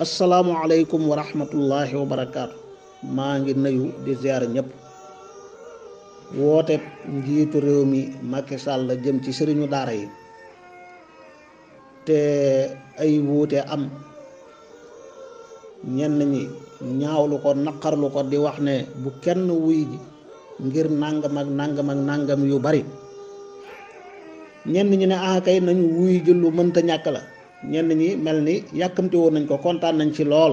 asalaamualeykum wa rahmatullahi wa barakaatu maa ngi nuyu di ziar ñëpp woote njiitu réew mi Macky Sall la jëm ci sëriñu daara yi te ay wuute am ñenn ñi ñaawlu ko naqarlu ko di wax ne bu kenn wuy ji ngir nangam ak nàngam ak nangam yu bari ñenn ñi ne ah nañu wuy ji lu mënta ñàkk la. ñenn ñi mel ni yàkkamti woon nañ ko kontaan nañ ci lool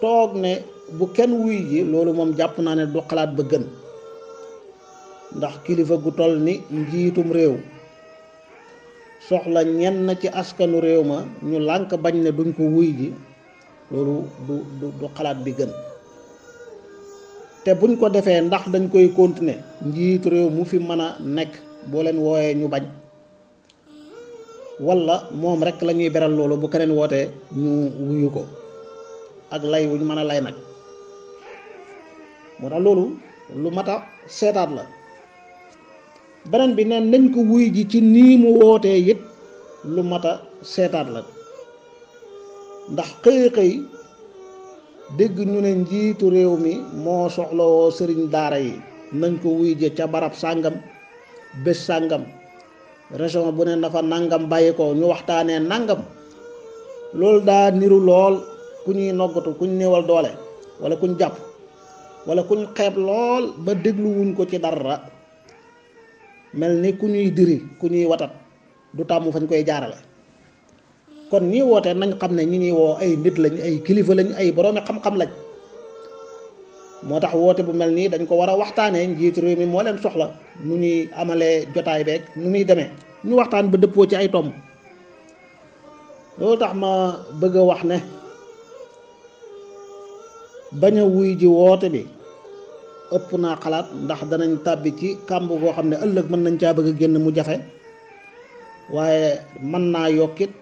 toog ne bu kenn wuy ji loolu moom jàpp naa ne du xalaat ba gën ndax kilifa gu toll ni njiitum réew soxla ñenn ci askanu réew ma ñu lànk bañ ne duñ ko wuy ji loolu du du xalaat bi gën te buñ ko defee ndax dañ koy continuer njiitu réew mu fi mën a nekk boo leen wooyee ñu bañ walla moom rek lañuy beral loolu bu keneen wootee ñu wuyu ko ak lay wuñ mën a lay nag moo tax loolu lu mat a seetaat la beneen bi neen nañ ko wuy ji ci nii mu wootee it lu mat a seetaat la ndax xëy-xëy dégg ñu ne njiitu réew mi moo soxlawoo sëriñ daara yi nañ ko wuy ji ca barab sàngam bés sàngam région bu ne na nangam bàyyi ko ñu waxtaanee nangam loolu daa niru lool ku ñuy noggatu ku ñu néewal doole wala kuñ jàpp wala kuñ xeeb lool ba dégluwuñ ko ci dara mel ni ku ñuy diri ku ñuy watat du tàmm fañ koy jaarale kon ñi wootee nañ xam ne ñu ñuy woo ay nit lañ ay kilifa lañ ay boroomi xam-xam lañ moo tax woote bu mel nii dañ ko war a waxtaanee njiitu réew mi moo leen soxla nu ñuy amalee jotaay beeg nu muy deme ñu waxtaan ba dëppoo ci ay tomb loolu tax ma bëgg a wax ne bañ a wuy ji woote bi ëpp naa xalaat ndax danañ tàbbi ci kàmb goo xam ne ëllëg mën nañ caa bëgg a génn mu jafe waaye mën naa yokkit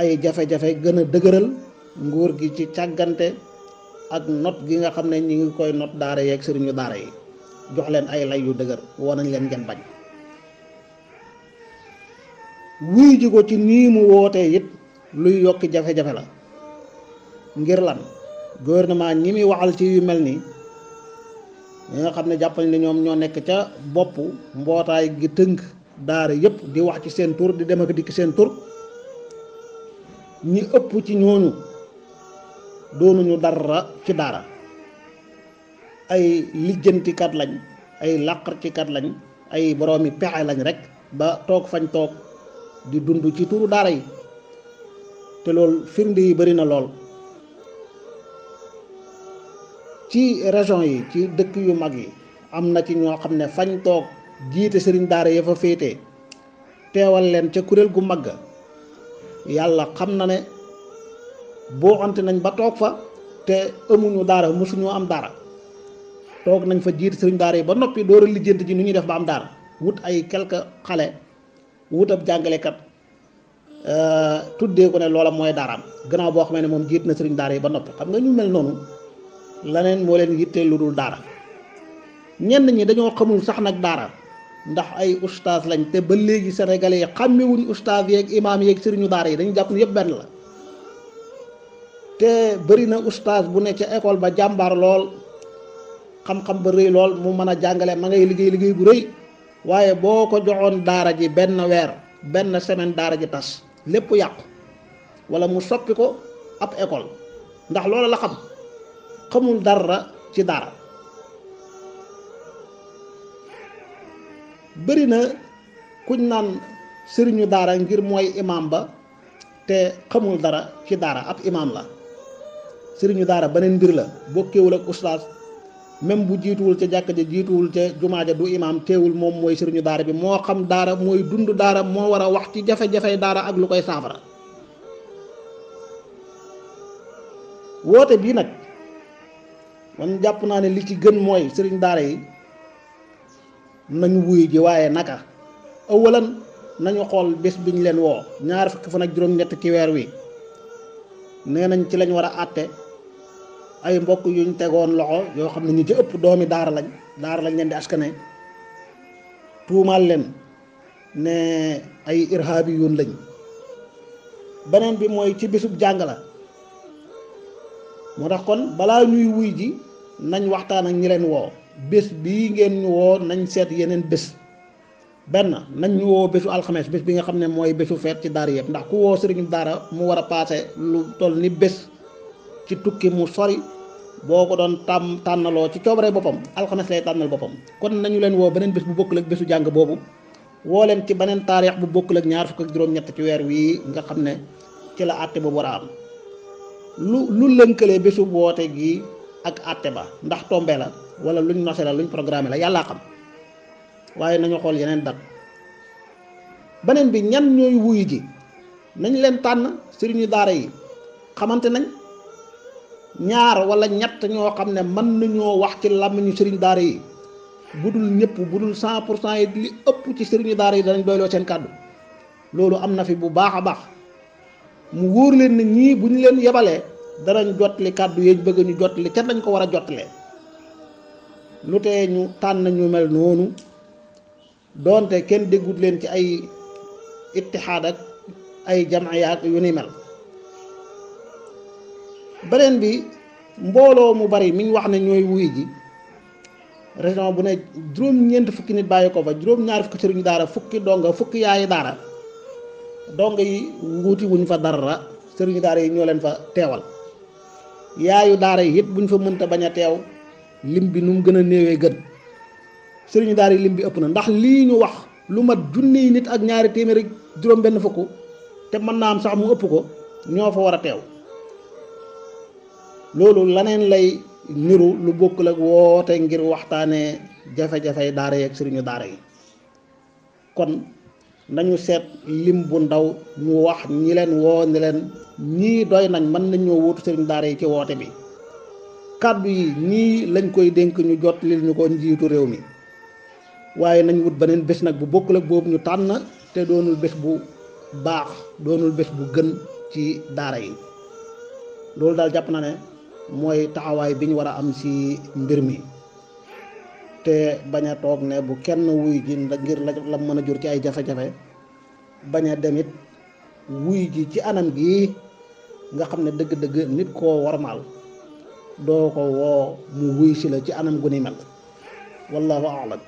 ay jafe-jafe gën a dëgëral nguur gi ci càggante ak not gi nga xam ne ñi ngi koy not daara yeeg sëriñu daara yi jox leen ay lay yu dëgër woo nañ leen ngeen bañ wuy ji ko ci nii mu wootee it luy yokki jafe-jafe la ngir lan gouvernement ñi muy waxal ci yu mel ni ñi nga xam ne jàpp nañ ñoom ñoo nekk ca boppu mbootaay gi tënk daara yépp di wax ci seen tur di dem ak dikk seen tur ñi ëpp ci ñooñu doonuñu dara ci dara ay lijjantikat lañ ay làqarcikat lañ ay boroomi pexe lañ rek ba toog fañ toog di dund ci turu daara yi te loolu firnde yi bari na lool ci région yi ci dëkk yu mag yi am na ci ñoo xam ne fañ toog jiite sëriñ daara ya fa féete teewal leen ca kuréel gu mag yàlla xam na ne boo ante nañ ba toog fa te amuñu daara mosuñoo am daara toog nañ fa jiit sëriñ daara ba noppi door a lijjanti nu ñuy def ba am daara wut ay quelque xale wut ab jàngalekat euh, tuddee ko ne loola mooy daaraam gannaaw boo xam ne moom jiit na sëriñ daar yi ba noppi xam nga ñu mel noonu leneen moo leen yittee lu dul daara ñenn ñi dañoo xamul sax nag daara ndax ay ustaas lañ te ba léegi sénégalais yi xàmmewuñ ustaas yeeg imaam yeeg sëriñu daar yi dañu jàpp ne yëpp benn la. te bari na oustaz bu ne ci école ba jambar lol xam-xam ba reuy lol mu meuna jangale ma ngay liggey liggey bu reuy waye boko joxon dara ji ben wer ben semaine dara ji tas lepp yaq wala mu soppi ko ab école ndax lolou la xam xamul dara ci dara bari na kuñ nan sëriñu dara ngir moy imam ba te xamul dara ci dara ab imam la sëriñu daara beneen mbir la bokkewul ak ustaas même bu jiituwul ca jàkka ja jiituwul ca jumaa ja du imaam teewul moom mooy sëriñu daara bi moo xam daara mooy dund daara moo war a wax ci jafe-jafey daara ak lu koy saafara woote bi nag man jàpp naa ne li ci gën mooy sëriñ daara yi nañu wuy ji waaye naka ëwalan nañu xool bés biñ leen woo ñaar fukki fan ak juróom-ñett ci weer wi nee nañ ci lañ war a àtte ay mbokk yuñ tegoon loxo yoo xam ne ñu ci ëpp doomi daara lañ daara lañ leen di askane tuumaal leen ne ay irhaabi yoon lañ beneen bi mooy ci bésub jàng la moo tax kon balaa ñuy wuy ji nañ waxtaan ak ñi leen woo bés bi ngeen ñu woo nañ seet yeneen bés benn nañ ñu woo bésu alxames bés bi nga xam ne mooy bésu feet ci daar yëpp ndax ku woo sëriñu daara mu war a paase lu toll ni bés ci tukki mu sori boo ko doon tàmm tànnaloo ci coobare boppam alxames lay tànnal boppam kon nañu leen woo beneen bés bu bokkul ak bésu jàng boobu woo leen ci beneen taarix bu bokkul ak ñaar fukk ak juróom-ñett ci weer wii nga xam ne ci la àtte boobu war a am lu lu lënkalee bésu woote gi ak àtte ba ndax tombe la wala luñ nose la luñ programme la yàllaa xam waaye nañu xool yeneen dat beneen bi ñan ñooy wuyu ji nañ leen tànn sëriñu daara yi xamante ñaar wala ñett ñoo xam ne mën nañoo wax ci làmmiñu sëriñ daara yi bu dul ñëpp bu dul cent pour cent yi li ëpp ci sëriñu daar yi danañ doyloo seen kàddu loolu am na fi bu baax a baax mu wóor leen na ñii bu ñu leen yebalee danañ jotli kàddu yeñ bëgg ñu jotli ca dañ ko war a jotlee lu tee ñu tànn ñu mel noonu doonte kenn déggut leen ci ay ittihaad ak ay jamayaat yu ni mel beneen bi mbooloo mu bari mi ñu wax ne ñooy wuy ji région bu ne juróom-ñeent fukki nit bàyyi ko fa juróom-ñaar fukki sëriñu daara fukki donga fukki yaayi daara donga yi wuuti wuñ fa dara sëriñu daara yi ñoo leen fa teewal yaayu daara yi it buñ fa mënta bañ a teew lim bi nu mu gën a néewee gën sëriñu daara yi lim bi ëpp na ndax lii ñu wax lu mat junniy nit ak ñaari téeméeri juróom benn fukk te mën naa am sax mu ëpp ko ñoo fa war a teew loolu laneen lay niru lu bokkul ak woote ngir waxtaanee jafe-jafey daara yeeg sëriñu daara yi kon nañu seet lim bu ndaw ñu wax ñi leen woo leen ñii doy nañ mën nañ ñoo wuutu sëriñu daara yi ci woote bi kàddu yi ñii lañ koy dénk ñu jot lil ñu ko njiitu réew mi waaye nañ wut beneen bés nag bu bokkul ak boobu ñu tànn te doonul bés bu baax doonul bés bu gën ci daara yi loolu daal jàpp na ne mooy taxawaay bi ñu war a am ci mbir mi te bañ a toog ne bu kenn wuy ji ngir la mën a jur ci ay jafe-jafe bañ a demit wuy ji ci anam gi nga xam ne dëgg-dëgg nit koo warmaal doo ko woo mu wuy si la ci anam gu ni mel wallahu a'lam